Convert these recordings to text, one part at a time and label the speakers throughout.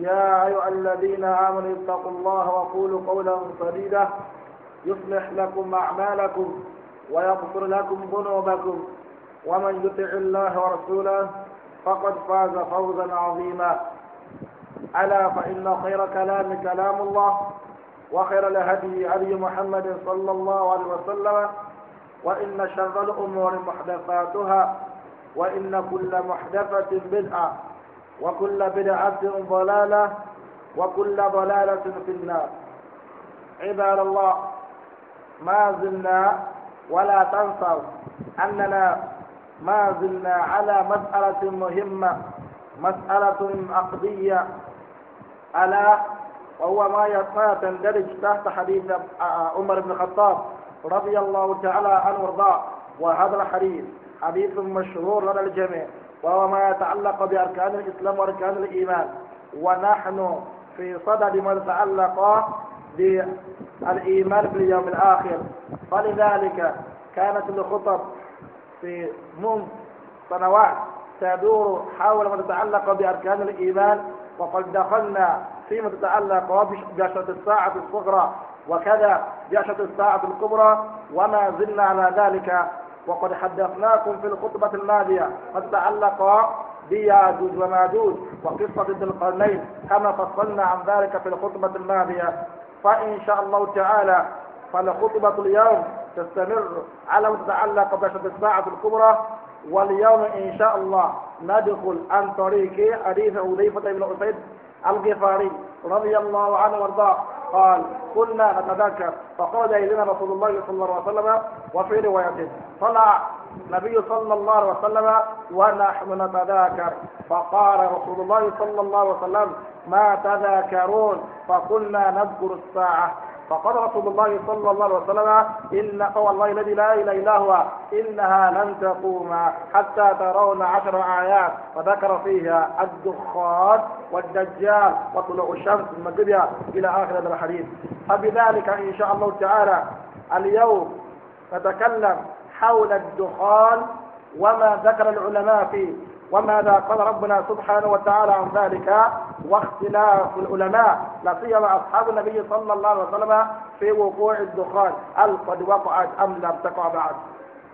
Speaker 1: يا أيها الذين آمنوا اتقوا الله وقولوا قولا سديدا يصلح لكم أعمالكم ويغفر لكم ذنوبكم ومن يطع الله ورسوله فقد فاز فوزا عظيما ألا فإن خير كلام كلام الله وخير لهدي أبي محمد صلى الله عليه وسلم وإن شر الأمور محدثاتها وإن كل محدثة بدعة وكل بدعة ضلالة وكل ضلالة في النار عباد الله ما زلنا ولا تنسوا أننا ما زلنا على مسألة مهمة مسألة عقدية ألا وهو ما تندرج تحت حديث عمر بن الخطاب رضي الله تعالى عنه وارضاه وهذا الحديث حديث مشهور لدى الجميع وهو ما يتعلق بأركان الإسلام وأركان الإيمان ونحن في صدد ما يتعلق بالإيمان باليوم الآخر فلذلك كانت الخطب في منذ سنوات تدور حول ما يتعلق بأركان الإيمان وقد دخلنا فيما تتعلق بعشرة الساعة الصغرى وكذا بعشرة الساعة الكبرى وما زلنا على ذلك وقد حدثناكم في الخطبة الماضية قد تعلق بياجوج وماجوج وقصة ذي القرنين كما فصلنا عن ذلك في الخطبة الماضية فإن شاء الله تعالى فالخطبة اليوم تستمر على ما تتعلق بشهادة الساعة الكبرى واليوم إن شاء الله ندخل عن طريق حديث حذيفة بن أسيد الغفاري رضي الله عنه وارضاه قال كنا نتذكر فخرج الينا رسول الله صلى الله عليه وسلم وفي روايته طلع النبي صلى الله عليه وسلم ونحن نتذاكر فقال رسول الله صلى الله عليه وسلم ما تذاكرون فقلنا نذكر الساعه فقال رسول الله صلى الله عليه وسلم إلا والله الذي لا إله إلا هو إنها لن تقوم حتى ترون عشر آيات وذكر فيها الدخان والدجال وطلوع الشمس من مغربها إلى آخر هذا الحديث فبذلك إن شاء الله تعالى اليوم نتكلم حول الدخان وما ذكر العلماء فيه وماذا قال ربنا سبحانه وتعالى عن ذلك واختلاف العلماء لا سيما اصحاب النبي صلى الله عليه وسلم في وقوع الدخان هل قد وقعت ام لم تقع بعد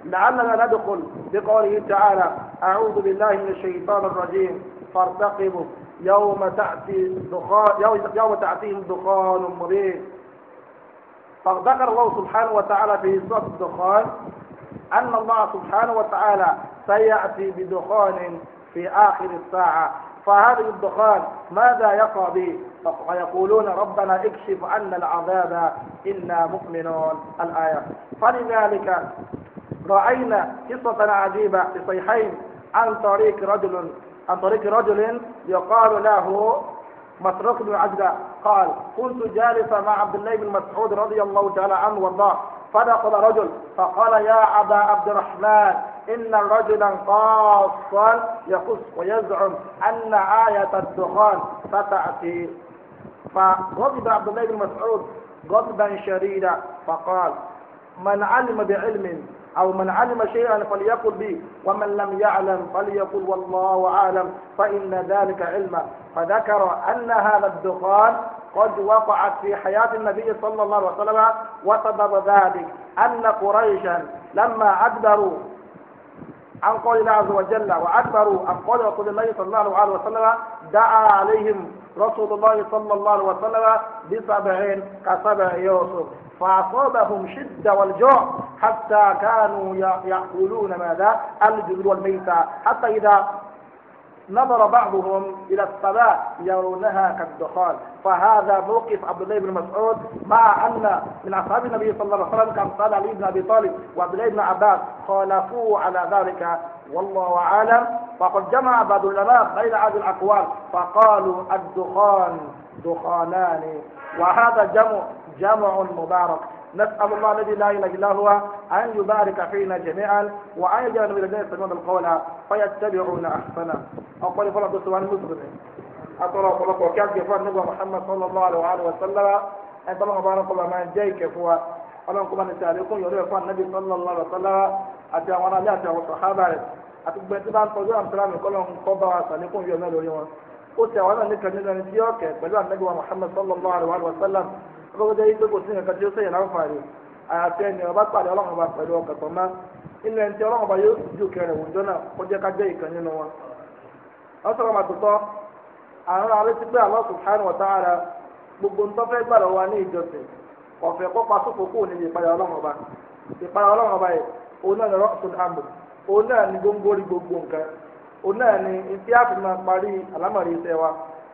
Speaker 1: لعلنا ندخل بقوله تعالى اعوذ بالله من الشيطان الرجيم فارتقبوا يوم تأتي الدخان يوم, يوم تأتيهم دخان مبين فذكر الله سبحانه وتعالى في سورة الدخان أن الله سبحانه وتعالى سيأتي بدخان في آخر الساعة فهذه الدخان ماذا يقع به ويقولون ربنا اكشف عنا العذاب إنا مؤمنون الآية فلذلك رأينا قصة عجيبة في صحيحين عن طريق رجل عن طريق رجل يقال له مسروق بن عجلة قال كنت جالسا مع عبد الله بن مسعود رضي الله تعالى عنه وارضاه فدخل رجل فقال يا أبا عبد الرحمن إن رجلا قاصا يقص ويزعم أن آية الدخان ستأتي فغضب عبد الله بن مسعود غضبا شديدا فقال من علم بعلم أو من علم شيئا فليقل به ومن لم يعلم فليقل والله أعلم فإن ذلك علما فذكر أن هذا الدخان قد وقعت في حياة النبي صلى الله عليه وسلم وسبب ذلك أن قريشا لما أدبروا عن قول الله عز وجل وأدبروا عن قول رسول الله صلى الله عليه وسلم دعا عليهم رسول الله صلى الله عليه وسلم بسبع كسبع يوسف فأصابهم شدة والجوع حتى كانوا يأكلون ماذا؟ الجذور والميتة حتى إذا نظر بعضهم إلى السماء يرونها كالدخان فهذا موقف عبد الله بن مسعود مع أن من أصحاب النبي صلى الله عليه وسلم كان قال علي بن أبي طالب وعبد الله بن عباس خالفوه على ذلك والله أعلم فقد جمع بعض العلماء بين هذه الأقوال فقالوا الدخان دخانان وهذا جمع جمع مبارك نسأل الله الذي لا إله إلا هو أن يبارك فينا جميعا وأن يجعلنا من الذين يستمعون القول فيتبعون أحسنه أقول فلا تسوى المسلم أترى أقولك وكاد يفعل نبوة محمد صلى الله عليه وسلم أن تلقى بارك الله ما جايك فهو ọlọ́run kó bá ní sàlẹ̀ kó yọ̀rọ̀ ẹ̀fọ́ ànábì sallallahu alaihi wasallam àti àwọn aráàlú àti àwọn sàhábà rẹ̀ àti gbogbo ẹni tí bá ń tọ́jú àmì mi kọ́lọ́run kọ́ bá wa sàlẹ̀ kó yọ̀rọ̀ lórí wọn. ó ti àwọn náà nìkan nínú ẹni tí ọ̀kẹ́ pẹ̀lú ànábì wa Muhammad sallallahu alaihi wasallam lọ́wọ́ jẹ́ ipe kò sí nǹkan tí ó sẹ́yìn láǹfààní àyàfi ẹni ọba pàdé ọlọ́run ọba pẹ̀lú ọkàn tó máa inú ẹni tí ọlọ́run ọba yóò ju kẹrin òwúnjọ́ náà kó jẹ́ ká jẹ́ ìkan nínú wọn. wọ́n sọ̀rọ̀ màtòtọ́ àwọn alétí pé Allah gbogbo gbàdọ̀ wa ní ìjọsìn ọ̀fẹ́ kó pa kó ní ọlọ́run ọba ọlọ́run ọba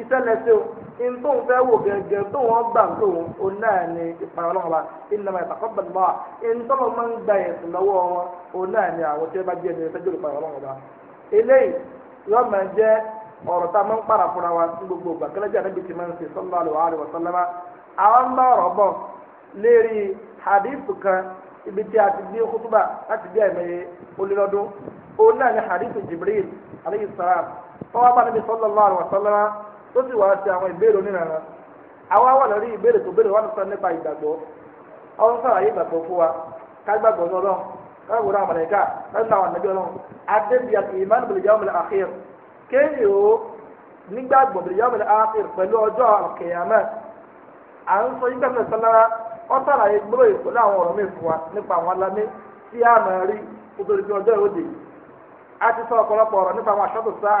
Speaker 1: iṣẹ́ lẹ́sẹ̀ o in tó ń fẹ́ wò gẹ́gẹ́ tó wọ́n gbà tó wọn o náà ni ìpàrọ̀ náà wa innama yataqabbalu Allah in tó lọ́ máa ń gba ẹ̀sìn lọ́wọ́ wọn o náà ni àwọn tí wọ́n bá jẹ́ ẹni ìfẹ́jọ́ ìpàrọ̀ náà wa. eléyìí yọ máa jẹ́ ọ̀rọ̀ tá a máa ń para fúnra wa ní gbogbo ìgbà kẹlẹ́jà níbi tí máa ń ṣe sallallahu alaihi wa sallama àwọn ń bá ọ̀rọ̀ bọ̀ lérí hadith kan ibi tí a ti gbé kútúbà láti bí àìmọye olélọ́dún sallallahu alaihi wa tó sì wá sí àwọn ìbéèrè onírànà àwa wà lórí ìbéèrè tó béèrè wà ló sọ nípa ìgbàgbọ́ ọlọ́run sàlàyé ìgbàgbọ́ fún wa kágbàgbọ́ ní ọlọ́run kágbàgbọ́ ní àwọn ẹ̀ka na àwọn ẹ̀nàbí ọlọ́run adébíyà kì í mánu bìlìyà ọmọlẹ̀ kéèyàn ó nígbàgbọ́ pẹ̀lú ọjọ́ àkèyàmẹ́ à ń sọ ọ sàlàyé gbọ́dọ̀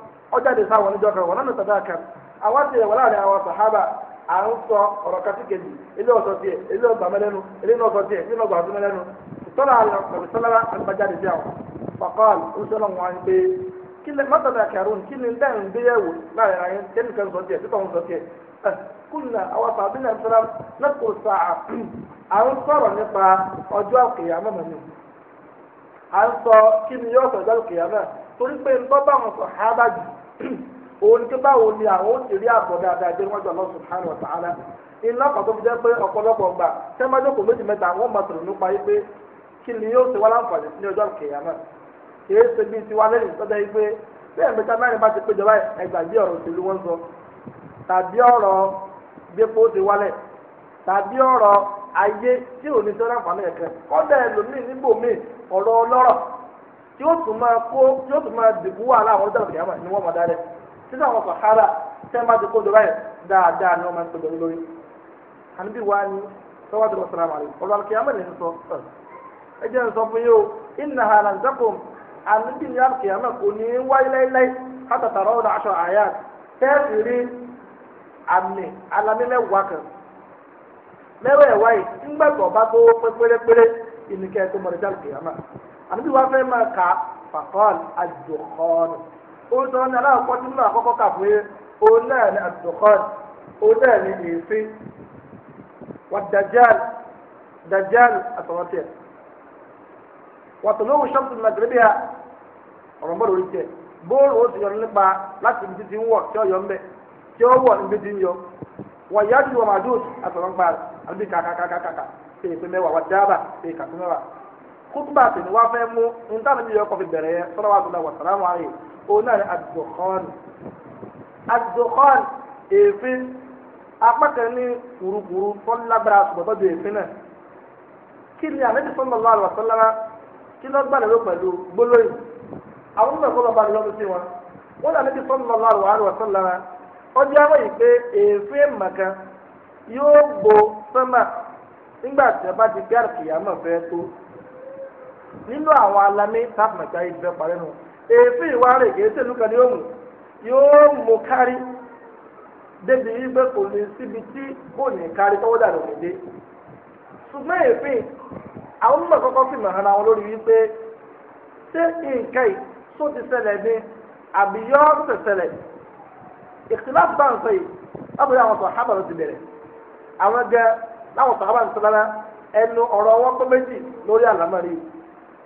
Speaker 1: dị sáwọn oníjọ kan wọn lánàá tàdá kan àwa ti ẹwà láàrin àwọn sàhábà à ń sọ ọ̀rọ̀ kátí ilé ọ̀sọ̀ tiẹ̀ ilé ọgbà mẹ́lẹ́nu ilé ọ̀sọ̀ tiẹ̀ ilé ọgbà ọdún mẹ́lẹ́nu tọ́lá àlọ́ sálára àgbàjáde sí àwọn fàkọ́l ọ̀sọ̀lọ̀ wọn pé kí ni mọ́tàdà kẹrùn kí ni ń gbé láàrin àyẹn sọ eh, sọ kí ni yóò torí pé ń bọ́ bá òun kí báwo ni àwọn ó ti rí àbọ̀ dáadáa dé wájú Allah subhanahu wa ta'ala iná kan tó fi jẹ́ pé ọ̀pọ̀lọpọ̀ gbà tẹ́ máa jókòó méjì mẹ́ta àwọn ọmọ sọ̀rọ̀ nípa yìí pé kí ni yóò ṣe wá láǹfààní ní ọjọ́ kìyàmá kìí ṣe bíi tiwa lẹ́yìn tọ́jà yìí pé bẹ́ẹ̀ mẹ́ta mẹ́rin bá ti ọ̀rọ̀ òṣèlú wọn sọ tàbí ọ̀rọ̀ gbépo ti wálẹ̀ tàbí ọ̀rọ̀ ayé tí ò ní sọ láǹfààní tí ó tún máa kó tí ó tún máa dìbò wà láwọn ọdún àbẹ̀yà ní wọ́n máa dálẹ̀ sínú àwọn sàhárà tẹ́ máa ti kó dáadáa ni wọ́n máa ń pèjọ lórí. àníbí sọ́wọ́ tó lọ sọ́ra ọ̀rọ̀ ni sọ ha kò ní àbí wàá fẹ́ máa kà á fàkọ́ọ̀l àdùkọ́ọ̀nù ó sọ ní aláàkọ́ tí nínú àkọ́kọ́ kà fún yẹn ó náà ní àdùkọ́ọ̀nù ó náà ní èéfín wà dàjáàlì dàjáàlì àtọ̀wọ́ tiẹ̀ wà tó lóhùn ṣọ́ọ̀tù nàìjíríà ọ̀rọ̀ mọ́rọ̀ orí tiẹ̀ bóòlù ó sì yọ nípa láti ibi títí ń wọ̀ tí ó yọ ń tí ó wọ̀ níbi tí ń yọ wà yájú wà màdúù àtọ̀wọ́ ń pa àbí kàkàkàkàkà èèpẹ̀ mẹ́wàá wà dáàbà èèkà tó mẹ́wàá kútùbà sì ni wá fẹ́ mú nítorí bí yọkọ̀ fi bẹ̀rẹ̀ yẹn sọ́dọ̀ wà tó dáwọ̀ sàlámù ni àdùkọ́ọ̀nù àdùkọ́ọ̀nù èéfín apá kan náà ni àlejò sọ́dọ̀ lọ́wọ́ àlọ́ sọ́lára kí lọ́ gbà lérò pẹ̀lú gbólóyìn àwọn àwọn nínú àwọn alamí tábìmọ̀tá ìbẹ́ parí nù èéfín ìwà rẹ̀ kìí ṣèlú kan ní òmù yóò mú kárí débi wípé kò ní síbi tí kò ní kárí tọ́wọ́ dànù nílé ṣùgbọ́n èéfín àwọn mímọ̀ kọ́kọ́ fi mọ̀ ara wọn lórí wípé ṣé nǹkan yìí tó ti ṣẹlẹ̀ ní àbí yọ́ ṣẹṣẹlẹ̀ ìṣìlá bá ń sọ yìí lábúlé àwọn sọ̀hábà ló ti bẹ̀rẹ̀ àwọn gẹ láwọn sọ̀hábà ń sọ lára ẹnu ọ̀rọ̀ wọn tó méjì lórí àlámọ́rí yìí.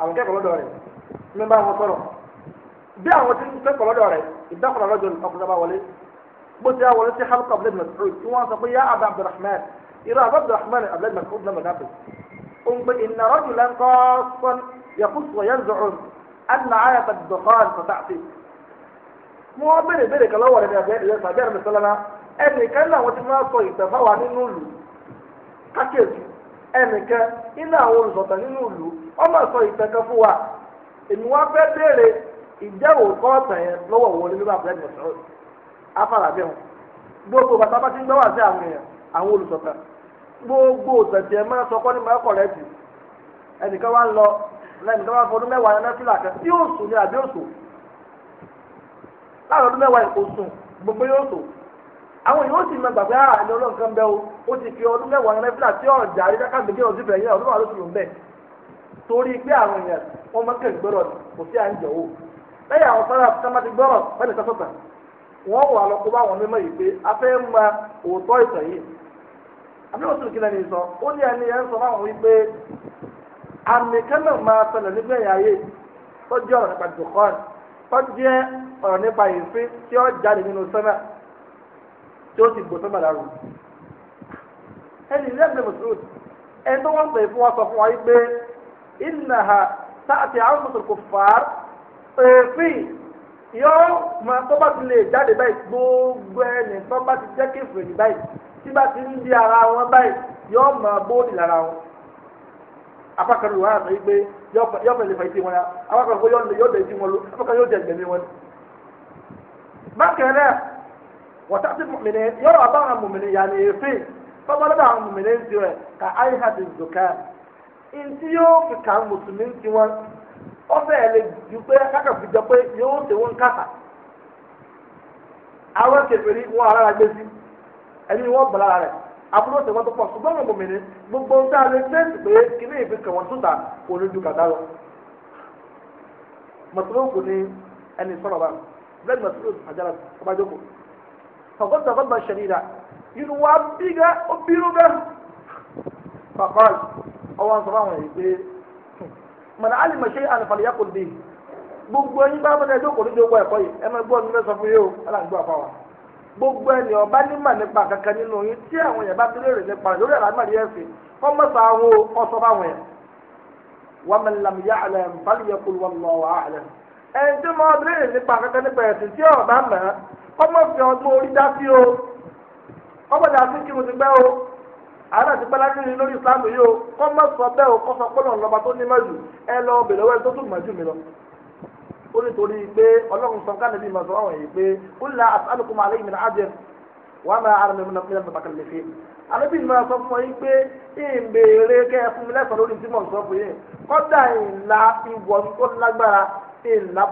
Speaker 1: àwọn kẹ́kọ̀ọ́ lọ́dọ̀ rẹ̀ ní bá wọn sọ̀rọ̀ bí àwọn tí ń kẹ́kọ̀ọ́ lọ́dọ̀ rẹ̀ ìdákọ̀ọ́ lọ́dọ̀ ọkùnrin bá wọlé bó ti wọlé sí halqa abdul mas'ud tí wọ́n sọ pé yá abba abdulrahman irú abba abdulrahman abdul mas'ud náà mọ̀nàfẹ́ ó ń pè iná rọ́jù lẹ́ńkọ́ sọ́n yakus wa yanzuun anna ayata dukhan fatati mo wá béèrè náà wọ́n ti máa sọ ìtẹ̀fáwa nínú ìlú kákèjì ẹnìkan nínú àwọn olùsọ̀tàn nínú ìlú ọmọ sọ ìtẹ̀kẹ́ fún wa èmi wá fẹ́ béèrè ìjẹ́ òkọ́ yẹn lọ́wọ́ wo ni bíbá abúlé nìyẹn sọ̀rọ̀ gbogbo bàtà bá ti ń gbọ́wà sí àwọn gbogbo òtẹ̀tẹ̀ ẹ̀ máa sọkọ́ ní máa kọ̀rẹ́tì ẹnìkan wá ń lọ lẹ́nìkan wá fọdún mẹ́wàá yẹn mẹ́fìlà kan tí yóò sùn àbí yóò sùn ọdún mẹ́wàá yẹn kò gbogbo yóò sùn àwọn èèyàn ó sì máa gbàgbé àà ah, ẹni ọlọ́run kan bẹ́ o ó ti fi ọdún mẹ́wàá rẹ fúlà tí ọ̀jà rí dáká méjì ọdún fẹ̀yìn náà ọdún wà a lóun bẹ́ẹ̀ torí pé àwọn èèyàn wọn máa ń kẹ́kẹ́ gbọ́rọ̀ kò sí à o lẹ́yìn àwọn sára sábà ti gbọ́rọ̀ fẹ́lẹ̀ sọ́sọ̀tà wọ́n wà lọ kó bá a fẹ́ ma òótọ́ ìtàn yìí sọ ó ní ẹni ẹ̀ ń sọ fáwọn wípé àmì máa nígbà ayé tó jẹ́ ọ̀rọ̀ nípa tí ó ti gbò sọ́gbà dàrú. ẹnì ilé ẹgbẹ́ mùsùlùmí ẹni tó wọ́n pè fún wa sọ fún wa yìí pé ìnà ha sáàtì àwọn mùsùlùmí gbogbo ẹni tó bá ti jẹ́ báyìí tí bá ti ń di ara wọn báyìí yóò bóòdì lára wọn. apákan yìí pé yóò fẹ́ lè fẹ́ ti wọn apákan yóò lè ti wọn وتأتي المؤمنين يرى بعض المؤمنين يعني يفي فضل بعض المؤمنين سوى كأيها الزكاة إنتي يوم كان مسلمين سوى ọfẹ ẹlẹ ju pé kákà fi jọ pé yóò ṣe wọn kàkà àwọn kẹfìrí wọn ara gbé sí ẹni wọn bọ̀ lára rẹ̀ àbúrò ṣe wọn tó pọ̀ ṣùgbọ́n wọn mọ̀mìnì gbogbo ń dáa lè tẹ́sí فغض غضبا شديدا ينوابيغا أبيروغا فقال أو أن صراحة من علم شيئا فليقل به gbogbo ẹyin bá bọ́dọ̀ ẹjọ́ kò ní jogbo ẹ̀kọ́ yìí ẹ máa gbọ́ ọdún mẹ́sàn-án fún yóò aláǹgbọ́ àfáwà gbogbo ẹni ọba nímọ̀ nípa kankan nínú yín tí àwọn èèyàn bá dúró rẹ̀ nípa rẹ̀ lórí àlámọ̀rí ẹ̀sìn kọ́ mọ́sà àwọn ọ̀sọ́ báwọn yẹn. wọ́n mi làm yá àlẹ́ ń bá lè yẹ kó wọ́n lọ́wọ́ àlẹ́. ẹni tí mo dúró rẹ̀ nípa kankan nípa ẹ̀sìn tí ọ̀bá mọ̀ ọmọ fi ọgbọ́n orí dá sí o ọmọ ìyá sí kí mo ti gbẹ́ o àárẹ̀ ti pẹ́lá nínú lórí ìsìlámù yìí o kọ́ mọ̀ sọ bẹ́ẹ̀ o kọ́ sọ pé lọ́nà lọ́ba tó ní mẹ́jù ẹ lọ bèrè wẹ́n tó tún mọ̀ jù mí lọ. ó ní torí pé ọlọ́run sọ ká níbi ìmọ̀sán ọ̀hún yìí pé ó là àtàlùkù máa léyìn mi náà ájẹ wàá máa ara mi náà mílíọ̀nù bàkàlẹ̀ lè fi. àlébí ìmọ̀ sọ fún yín pé ìbéèrè kẹ́ ẹ fún mi lẹ́sàn lórí tí mò ń sọ fún yín kọ́dà ìlà ìwọ̀ tó lágbára ìlà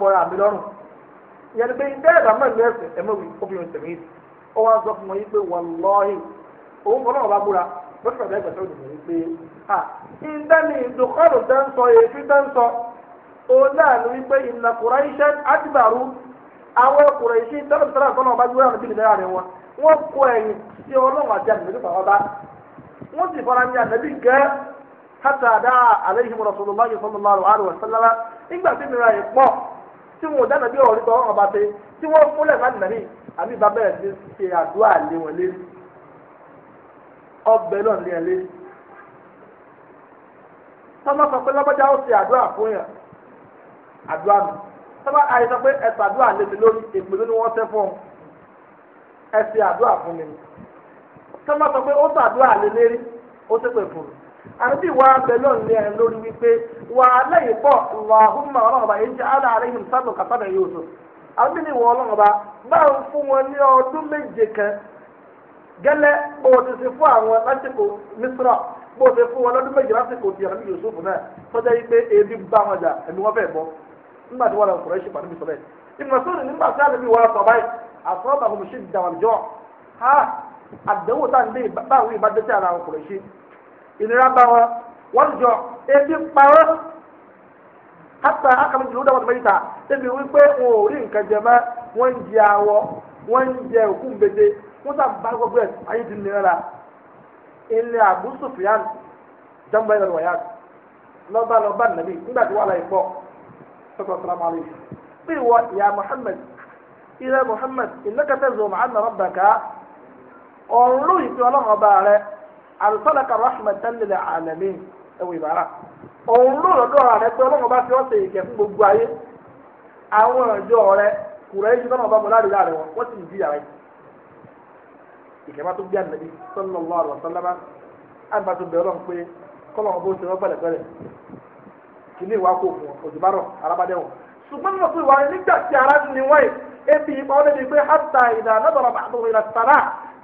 Speaker 1: yẹn pé bẹ́ẹ̀ bá mọ̀ ní ẹ̀sìn ẹ̀ mọ̀ wí obìnrin tẹ̀mí yìí ó wá sọ fún wọn yìí pé wàlọ́ọ̀hì òun fọlọ́ ọba búra lọ́sọ̀rọ̀ bẹ́ẹ̀ gbẹ̀sẹ̀ òdìbò yìí pé à ìdánì ìdókòrò tẹ́ ń sọ èéfín tẹ́ ń sọ òun náà ní wípé ìnà Quraish àtibàrú àwọn ọba rẹ̀ wọn wọ́n kọ ẹ̀yìn sí tí wọn ò dáná bí ọ̀rọ̀ nípa ọba pé tí wọ́n fúnlẹ̀ má nàbí àbí ìbá bẹ̀rẹ̀ sí ṣe àdúrà lé wọn lé ọbẹ̀ náà lé ẹ lé tọ́mọ sọ pé lọ́gbọ́dá ó ṣe àdúrà fún yàn àdúrà nù tọ́mọ àyè sọ pé ẹ̀sọ̀ àdúrà lé mi lórí èpè ló ní wọ́n tẹ́ fún ọ ẹ ṣe àdúrà fún mi tọ́mọ sọ pé ó ṣàdúrà lé lérí ó ṣépè fún mi. àbí wà abẹ́lọ́ ní ẹ̀ lórí wípé wà lẹ́yìn pọ̀ wàhùnmá ọlọ́run ọba yìí jẹ́ aláàrẹ̀yìn sábà kàtàdà yóò tó àbí ni wọ́n ọlọ́run ọba máa ń fún wọn ní ọdún méje kan gẹ́lẹ́ bó ti ṣe fún àwọn lásìkò mísírà bó ti fún wọn lọ́dún méje lásìkò ti àbí náà ìnira bá wọn wọ́n jọ ebi pa wọ́n hata akami jùlọ dàgbàtà mẹ́ta ebi wípé wọn ò rí nǹkan jẹ mọ́ wọ́n ń jẹ awọ wọ́n ń jẹ òkú gbèdé wọ́n sá bá gbogbo ẹ̀ ayé ti nira la ilẹ̀ Abu Sufyan jàmbá ìlànà wọ̀nyá lọ́ba lọ́ba nàbí nígbà tí wọ́n àlàyé pọ̀ sọ́kọ̀ sàlámù alayhi bí wọ ìyá Muhammad ilẹ̀ Muhammad ìnákàtà zọ̀mọ̀ àná rọ̀bàkà ọ̀run lóyún tí ọlọ́run ọba rẹ̀ arsalaka rahmatan lil alamin ẹ̀wọ̀ ìbára òun ló lọ́dọ̀ rẹ̀ pé ọlọ́run bá fi ọ̀sẹ̀ ìkẹ́ fún gbogbo ayé àwọn ọ̀jọ́ rẹ̀ kùrẹ́ yìí tọ́nà ọba mọ̀ láàrin láàrin wọn wọ́n sì ń jìyà rẹ̀ ìkẹ́bá tó gbé ànàbí sallallahu alaihi wasallam àgbà tó bẹ̀rọ̀ pé kọ́lọ̀ ọ̀bọ̀ ti rọ́ pẹ̀lẹ́pẹ̀lẹ́ kìíní ìwà kò fún òjòbárọ̀ arábádẹ́ wọn. ṣùgbọ́n nínú ìwà nígbà tí ara ni wọ́n ebi ipa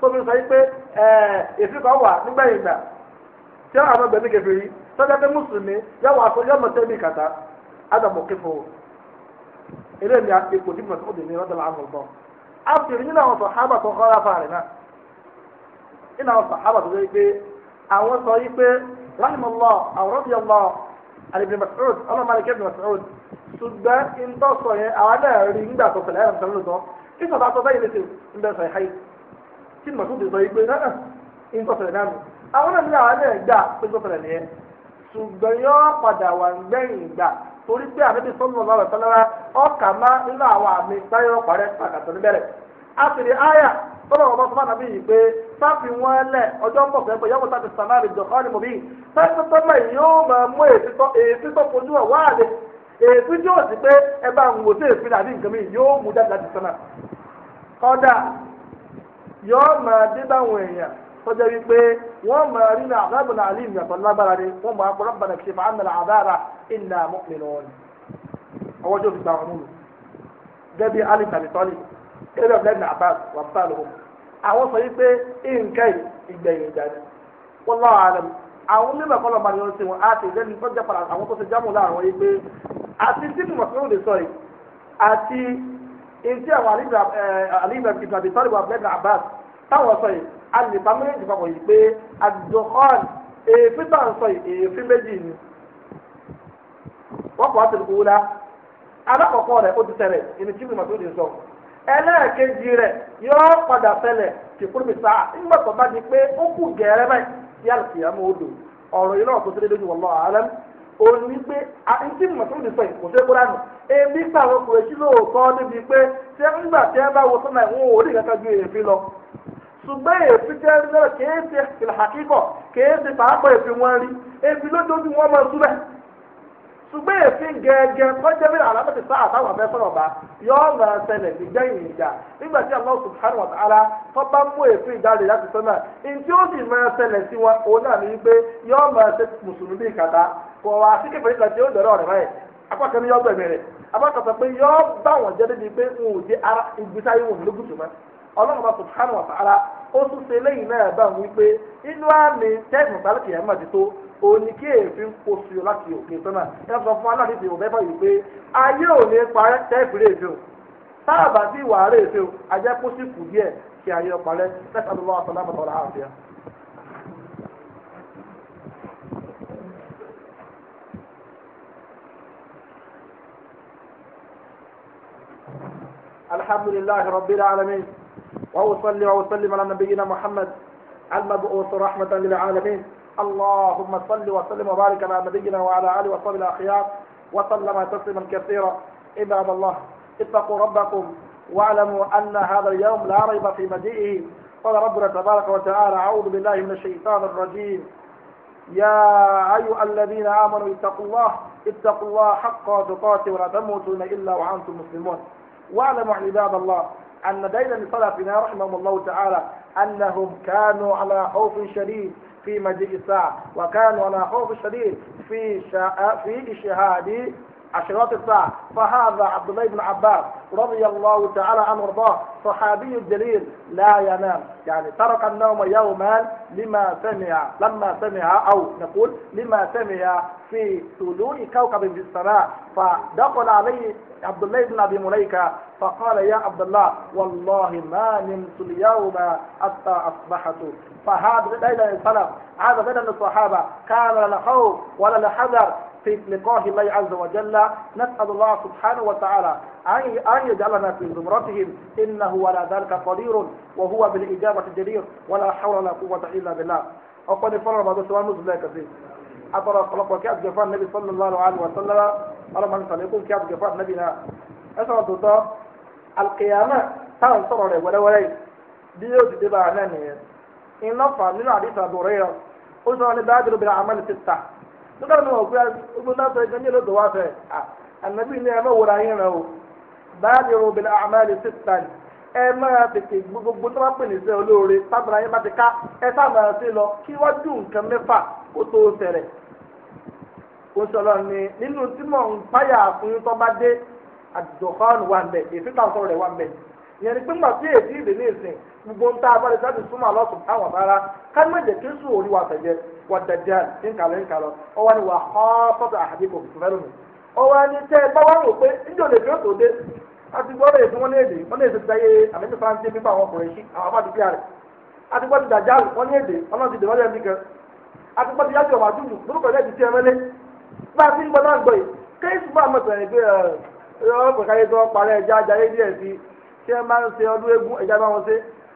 Speaker 1: tóbi sọ pé èsì kan wà nígbẹ̀yìn gbà tí àwọn àmọ́ gbẹ̀mí kẹfì yìí sọ́jà pé mùsùlùmí yọ wà sọ yọmọ tẹ́lẹ̀ kàtà ádámù kífò eré mi ipò tí mọ̀tò òdì ní lọ́dọ̀ làwọn ọ̀gbọ́n nínú àwọn sàhábà tó kọ́ra fà náà nínú àwọn sàhábà tó sọ pé àwọn sọ yìí pé àwọn àdìbìnrin ṣùgbọ́n yẹn àwọn rí nígbà tó ẹ̀rọ tí màtó ti sọ yìí pé náà ń tọ́sẹ̀lẹ̀ náà nù àwọn náà ní àwọn náà gbà pé tọ́sẹ̀lẹ̀ nìyẹn ṣùgbọ́n yọ padà wà gbẹ̀yìn gbà torí pé àbẹ́bí sọ́nù má nínú àwọn àmì táyọ̀ parẹ́ níbẹ̀rẹ̀ a sì rí àyà tọ́lọ̀ ọ̀bọ sọ́mà nàbí yìí pé sáfì wọn lẹ̀ ọjọ́ fẹ́ pé sáfì sàmà rẹ̀ jọ̀kọ́ ni mo bí sáfì yóò máa mú èsì tó yọọ máa dé báwọn èèyàn tọjá wípé wọn máa rí ní àgbàbọ náà àlè ìyàtọ̀ lágbára ni wọn máa kọ rọba náà ṣe máa ń nà àdára ìnà mọkùnrin wọn ọwọ́ tó fi gba ali tàbí tọ́lì ọ̀gbẹ́ ní abbas wà bá lọ́wọ́ àwọn sọ wípé nǹkan ìgbẹ̀yìn ìgbà ni wọn lọ́wọ́ àlẹ́ àwọn mímọ̀ kọ́ èyí àwọn àlìbà ìbàdí tọ́lì wà bẹ́ẹ̀ Abbas táwọn sọ yìí alìbá méjì yìí pé àdùnkọ́n èéfín bá ń sọ yìí èéfín méjì ni wọ́n kọ́ àti ìkúwúlá alákọ̀ọ́kọ́ rẹ̀ ó ti tẹ̀lẹ̀ ìní tí mímọ̀ tó di sọ ẹlẹ́ẹ̀kejì rẹ̀ yóò padà tẹ̀lẹ̀ kìkúrúmi bá di pé ó kù òun ni pé àti mọ̀tòmùtì sọ yìí kò ṣe kóra nù ebi gbà wọn kò sí lóòótọ́ níbi pé tí ẹ nígbà tí ẹ bá wo sọ́nà ìwọ̀n orí kankan ju èéfín lọ ṣùgbọ́n èéfín jẹ́ lọ́rọ̀ kéé ṣe ìlàkíkọ̀ kéé ṣe pàápàá èéfín wọn rí ebi lójoojú wọn máa súnbẹ̀ sugbe efin gege kọjá bí alámọ̀tì sáà táwọn afẹ́ sọ̀rọ̀ bá yọ ọ̀nà ṣẹlẹ̀ nígbẹ̀yìn ìjà nígbà Allah subhanahu wa ta'ala tó mú èsì ìjáde láti sọ́nà nti ó sì máa sí òun náà ní pé ṣe mùsùlùmí sí tí ó báyìí apákan apákan sọ pé yọ bá wọn pé wọn ara ìgbésí wọn lógún tó ọlọ́run bá subhanahu wa ta'ala ó tún ṣe lẹ́yìn náà bá wọn wípé inú àmì tẹ́gùn sálẹ̀kì ẹ̀ máa ti tó òní kí èéfín oṣù láti òkè sọ́nà ẹ sọ fún aláàdé ti òbẹ́ báyìí pé ayé ò ní parẹ́ tẹ́ẹ̀fì rèé fi o sáàbà sí ìwà rèé fi o ajẹ́ kó sì kù díẹ̀ kí ayé ọ parẹ́ lẹ́sà ló lọ́wọ́ sọ́nà àbọ̀tọ̀ ọ̀la àfíà. rabbil alamin. وأصلي وأسلم على نبينا محمد المبعوث رحمة للعالمين اللهم صل وسلم وبارك على نبينا وعلى آله وصحبه الأخيار وسلم تسليما كثيرا عباد الله اتقوا ربكم واعلموا أن هذا اليوم لا ريب في مجيئه قال ربنا تبارك وتعالى أعوذ بالله من الشيطان الرجيم يا أيها الذين آمنوا اتقوا الله اتقوا الله حق تقاته ولا تموتن إلا وأنتم مسلمون واعلموا عباد الله أن دين سلفنا رحمهم الله تعالى أنهم كانوا على خوف شديد في مجيء الساعة وكانوا على خوف شديد في في إشهاد عشرات الساعة فهذا عبد الله بن عباس رضي الله تعالى عنه وارضاه صحابي جليل لا ينام يعني ترك النوم يوما لما سمع لما سمع أو نقول لما سمع في طلوع كوكب في السماء فدخل عليه عبد الله بن أبي مليكة فقال يا عبد الله والله ما نمت اليوم حتى أصبحت فهذا ليلة الفلق هذا بين الصحابة كان لا خوف ولا حذر في لقاه الله عز وجل نسأل الله سبحانه وتعالى أن يجعلنا في زمرتهم إنه على ذلك قدير وهو بالإجابة جدير ولا حول ولا قوة إلا بالله أقول فرع بعض السؤال مزلا كثير أترى خلق وكأب جفاء النبي صلى الله عليه وسلم أرى من سليكم كأب جفاء النبي أسرى الضطاء القيامة ترى سرر ولا ولا بيوت دبا نانية إن نفع من عديث أبو هريرة أسرى لبادر بالعمل الستة nígbà tí wọn gbé ogun náà sọ ẹgbẹ́ ní ìlú ìdòwà fẹ́ ànábì ní ẹ má wòrán yín rẹ o báyìí o bẹ̀rẹ̀ àmàlì sísan ẹ máa tètè gbogbo tó bá pè ní sẹ́ olóore tábìlà yín bá ti ká ẹ sábà sí lọ kí wọ́n dùn nǹkan mẹ́fà kó tó ṣẹlẹ̀ o sọ̀rọ̀ ni nínú tí mò ń páyà fún yín tó bá dé àdùkọ́ọ̀nù wà ń bẹ̀ èsì táwọn sọ̀rọ̀ wà ń bẹ̀ ìyẹn ni pínpà tí èsì ìdè ní ìsìn gbogbo ń tá a bá lè sáà ti súnmọ́ wàdàjàn nkàlẹ́ nkàlọ́ ọwọ́ ni waa họ́ọ́tọ́tọ̀ àhàdìkò fẹ́rù mi ọwọ́ ni tẹ́ ẹ bá wà wò pé ndí ò lè fi òtò dé àti gbọ́dọ̀ èso wọn ti dáyé àmì wọn a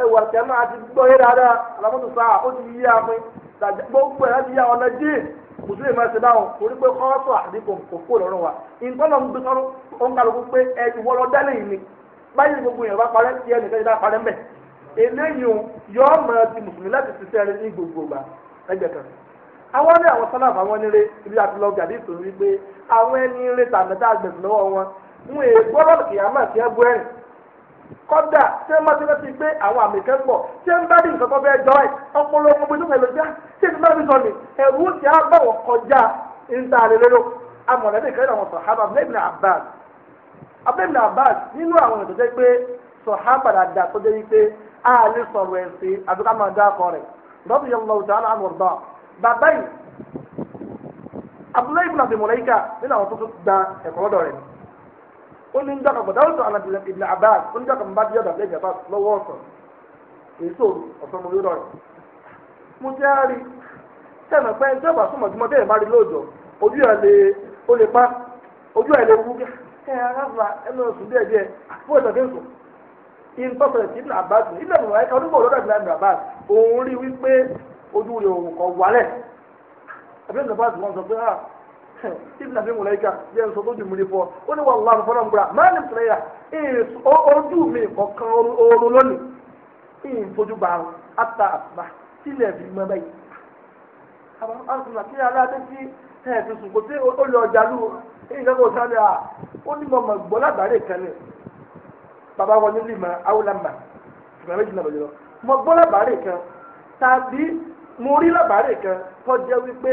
Speaker 1: ẹwà kẹmọ àti gbọ́ yé dáadáa alamọ́tò sáà ó ti yí àpín tàbí gbogbo ẹ̀ láti yá ọ̀nà jíì mùsùlùmí máa ṣe báwọn torí pé kọ́ọ̀tù àdínkù kò kó lọ́rùn wa nǹkan náà ń gbé sọ́rọ́ ó ń kálukú pé ẹ ìwọ lọ dálé yìí ni báyìí gbogbo yẹn bá parẹ́ tí ẹnì kan yẹn bá parẹ́ mbẹ̀ eléyìí yọ ọmọ ti mùsùlùmí láti ṣiṣẹ́ rẹ ní gbogbo gbà ẹgbẹ́ kan. àwọn ní àwọn sọ́nà àfàwọn nílé ibi àti lọ gàdí ìtòrí pé àwọn ẹni ń retà mẹ́ta àgbẹ̀sìn lọ́wọ́ wọn ń kọ́dà ṣé ń bá ti rántí pé àwọn àmì kan pọ̀ ṣé ń bá dín nǹkan kan fẹ́ jọ ẹ̀ ọpọlọ ọmọ inú ẹ̀ ló já ṣé ti bá mi sọ ni ẹ̀rù ti á bọ̀wọ̀ kọjá níta rẹ̀ lérò amọ̀lẹ́bí kan àwọn sọ̀hábà abúlébìn abbas abúlébìn abbas nínú àwọn pé sọ̀hábà dàda tó jẹ́ wípé a lè sọ̀rọ̀ dá rẹ̀ yẹn lọ́wọ́ bàbá yìí ó ní njọ́ kan gbọ́dọ̀ ó sọ àná Abbas ó ní njọ́ bá díẹ̀ dàbí ẹ̀jẹ̀ bá lọ́wọ́ ọ̀sán èso ọ̀sán mo yọ̀rọ̀ rẹ̀ mo jẹ́ rí sẹ́mi pé ẹjọ́ ìgbà súnmọ̀ tí mo bá rí lóòjọ́ ojú ẹ̀ lè ó lè pa ojú ẹ̀ lè wú ẹnu díẹ̀ díẹ̀ fún ẹ̀sán n sùn ìǹtọ́sọ̀ ìsìn Ibn Abbas ní ilẹ̀ ìwà ẹ̀ka ọdún bọ̀ọ̀lọ́dọ̀ Ibn ha ah, ibi nàbí mùlẹ́kà jẹ́ nsọ tó dùnmù ní fọ ó ní wàhálà àrùn fọlọ́n gbà máa ní tẹ̀lé yà ojú mi ọ̀kan oorun lónìí ìyìn fojú bá a ata àtúbà sílẹ̀ bí mọ́ báyìí. àwọn àtúnṣe àti aláàdé tí ẹ̀ ti sùn kò sí olè ọjà lù ẹ̀yìn kankan ò sáré à ó ní mọ̀ mọ̀ gbọ́ lábàárẹ̀ kan ní bàbá wọn nílì mọ́ awolama ìgbà méjì náà lọ́jọ́ mọ̀ gbọ́ lábàárẹ̀ kan tàbí mo rí lábàárẹ̀ kan tó jẹ́ wípé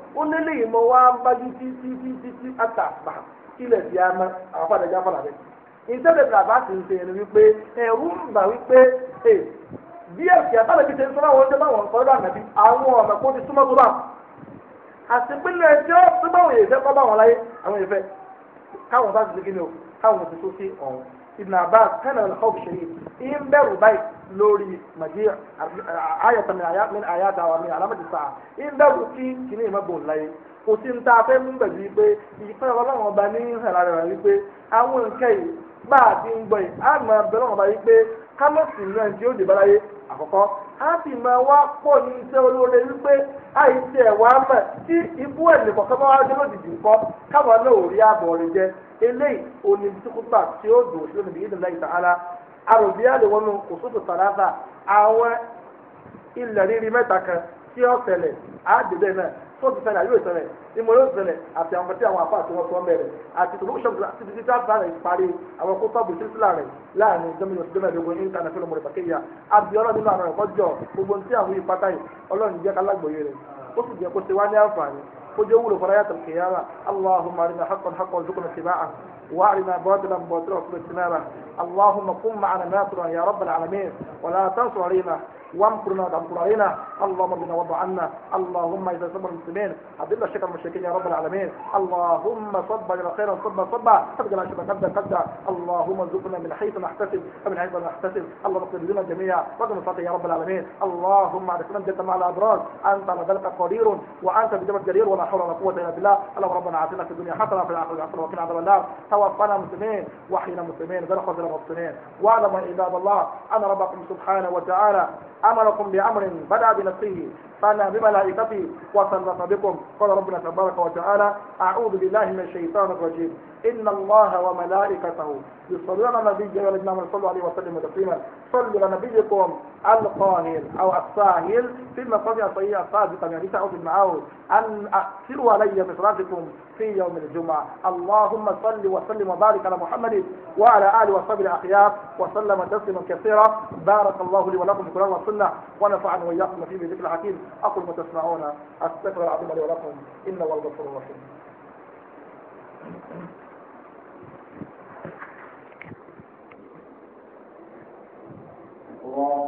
Speaker 1: ó nílé ìmọ̀ wá ń bájú títí títí a àtà bà kílẹ̀ ama àmọ́ àwọn padà já padà bẹ̀. ìṣẹ́lẹ̀ bàbá ti ń sèyìn wípé ẹ̀rú ń bà wípé ẹ̀ bí ẹ̀sìn àtàlẹ́bí ṣe ń sọ́nà àwọn ọjọ́ báwọn sọ́dọ̀ àmàbí àwọn ọ̀nà kó ti súnmọ́ tó bá àtìpínlẹ̀ ẹjọ́ tó báwọn èèfẹ́ kọ́ báwọn láyé laye awon ife ka o ti ibn abbas kana al-khawf shadid in bẹ̀rù báyìí lórí màjí ayata min ayata wa min alamati sa'a in bẹ̀rù tí kìíní ìmọ̀ bò láyé kò sí ń ta fẹ́ mú bẹ̀rù wípé ìfẹ́ ọlọ́run ọba ní ìhàlá rẹ̀ wípé àwọn nǹkan yìí bá a ti ń gbọ́ yìí á mọ̀ bẹ̀rù ọba wípé kámọ́sì náà tí ó dé bá láyé àkọ́kọ́ ha sì máa wá pọ̀ ní iṣẹ́ olóore wípé àìsí ẹ̀wà mọ̀ tí ibú ẹ̀mí kọ̀ọ̀kan bá wá dé nǹkan káwọn náà ò rí ààbọ̀ rẹ̀ jẹ eléyìí òní ìdíkùgbà tí ó dùn sí lónìí ìdílé ìtàhálà àròbíyá lè kò àwọn ilẹ̀ rírí mẹ́ta kan tí ó tó ti ṣẹlẹ̀ yóò ṣẹlẹ̀ ìmọ̀ yóò ṣẹlẹ̀ àti àwọn tí àwọn àfáà tí wọ́n sọ ń bẹ̀rẹ̀ àti tó bóṣọ̀ àti títí tá a bá rẹ̀ parí àwọn kó tọ́bù sí sílá rẹ̀ láàrin gómìnà sí gómìnà ìdógún ní ìtàn àfẹ́lẹ́ mọ̀rẹ̀ pàkẹ́yà àbí ọlọ́run nínú àwọn ẹ̀kọ́ jọ gbogbo ní tí àwọn yìí pátá yìí ọlọ́run jẹ́ kálágbòye rẹ̀ ó sì jẹ́ kó ṣe wá ní àǹfààní kó jẹ́ wúlò fọlá yàtọ̀ kìyàrá وارنا باطلا باطلا واصبر اجتنابه اللهم قم معنا ناصرا يا رب العالمين ولا تنصر علينا وامكرنا وانصر علينا اللهم بنا وضع عنا اللهم اذا صبر المسلمين عبد الشكر المشركين يا رب العالمين اللهم صب على خير صبا صبا صب على شبه قد قد اللهم ارزقنا من حيث نحتسب ومن حيث لا نحتسب اللهم اغفر لنا جميعا وقم يا رب العالمين اللهم ادخلنا الجنه مع الابرار انت على ذلك قدير وانت بجمع جرير ولا حول ولا قوه الا بالله اللهم ربنا اعطنا في الدنيا حسنه وفي الاخره حسنه وقنا عذاب النار توفنا مسلمين وحينا مسلمين بل خذنا المسلمين واعلم عباد الله ان ربكم سبحانه وتعالى أمركم بأمر بدأ بنفسه فأنا بملائكته وصلت بكم قال ربنا تبارك وتعالى أعوذ بالله من الشيطان الرجيم إن الله وملائكته يصلون على النبي يا الذين آمنوا صلوا عليه وسلموا تسليما صلوا على نبيكم القاهر أو الساهل في المصادر الصحيحة الصادقة يعني سعود عوف المعاود أن أكثروا علي من في يوم الجمعة اللهم صل وسلم وبارك على محمد وعلى آله وصحبه الأخيار وسلم تسليما كثيرا بارك الله لي ولكم في القرآن والسنة ونفعني وإياكم في بذكر الحكيم أقول ما تسمعون أستغفر العظيم لي ولكم إنه هو الغفور الرحيم wrong.